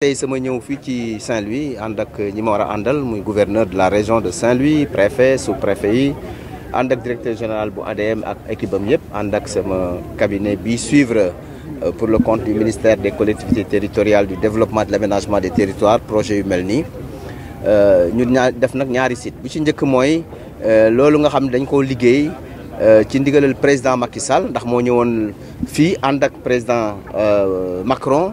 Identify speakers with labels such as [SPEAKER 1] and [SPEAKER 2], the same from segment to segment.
[SPEAKER 1] Je sama ñëw fii ci Saint-Louis andak ak ñi ma gouverneur de la région de Saint-Louis préfet sous-préfet yi directeur général bu ADM ak équipe de l'ADM, andak cabinet bi suivre euh, pour le compte du ministère des collectivités territoriales du développement de l'aménagement des territoires projet yu Nous avons fait ñaar def Ce ñaari site bu ci njëkk mooy euh, loolu nga xam dañ euh, ci président Macky Sall ndax est ñëwoon fii président Macron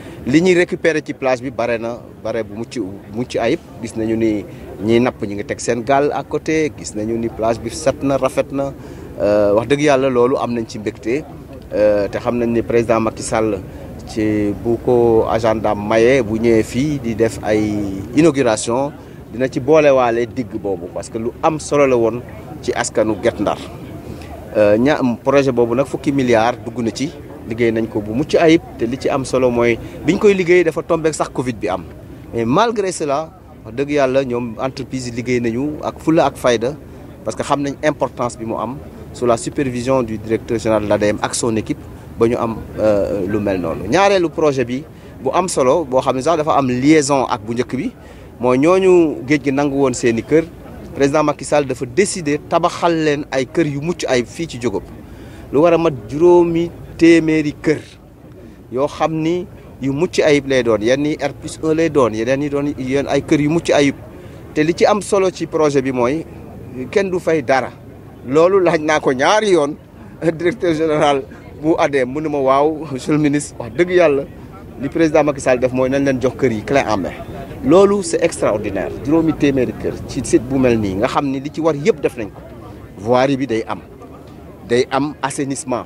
[SPEAKER 1] li ñuy récupérer ci place bi bare na bare bu mucc mucc ayib gis nañu ni ñi napp ñi ngi teg seen gal à côté gis nañu ni place bi set na rafet na euh wax dëgg yàlla loolu am nañ ci mbégte euh te xam nañ ni président Macky Sall ci bu ko agenda maye bu ñëwee fii di def ay inauguration dina ci boole waale digg boobu parce que lu am solo la woon ci askanu get ndar euh ñaa projet boobu nag fukki milliards dugg ci liggéey nañ ko bu mucc ayib te li ci am solo mooy biñ koy liggéey dafa tombeek sax Covid bi am mais malgré cela wax dëgg yàlla ñoom entreprise yi liggéey nañu ak fulla ak fayda parce que xam nañ importance bi mu am sous la supervision du directeur général de l'ADM ak son équipe ba ñu am euh, lu mel noonu ñaareelu projet bi bu am solo boo xam ne sax dafa am liaison ak bu njëkk bi mooy ñooñu géej gi nangu woon seeni kër président Macky Sall dafa décider tabaxal leen ay kër yu mucc ay fii ci Jógob lu war a mat juróomi téeméeri kër yoo xam ni yu mucc ayib lay doon yenn yi R plus 1 lay doon yeneen yi doon yenn ay kër yu mucc ayib te li ci am solo ci projet bi mooy kenn du fay dara loolu laaj naa ko ñaari yoon directeur général bu ADEM mu ne ma waaw monsieur le ministre wax dëgg yàlla li président Macky Sall def mooy nañ leen jox kër yi clé en main loolu c'est extraordinaire juróomi téeméeri kër ci site bu mel nii nga xam ni li ci war yëpp def nañ ko voirie bi day am day am assainissement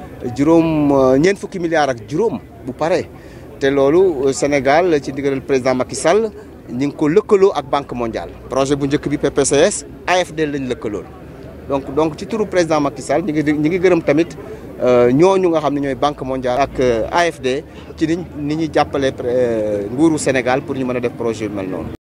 [SPEAKER 1] Jurum ñeen eh, fukki milliards ak juroom bu pare te loolu eh, sénégal eh, ci digal président macky sall ñi ngi ko lëkkaloo ak banque mondiale projet bu njëkk bi ppcs afd lañ lëkkaloo donc donc ci turu président macky sall ñi ngi ñi ngi gërëm tamit ñooñu nga xam ne banque mondiale ak afd ci ni ni ñuy jàppale nguuru sénégal pour ñu mën def projet mel noonu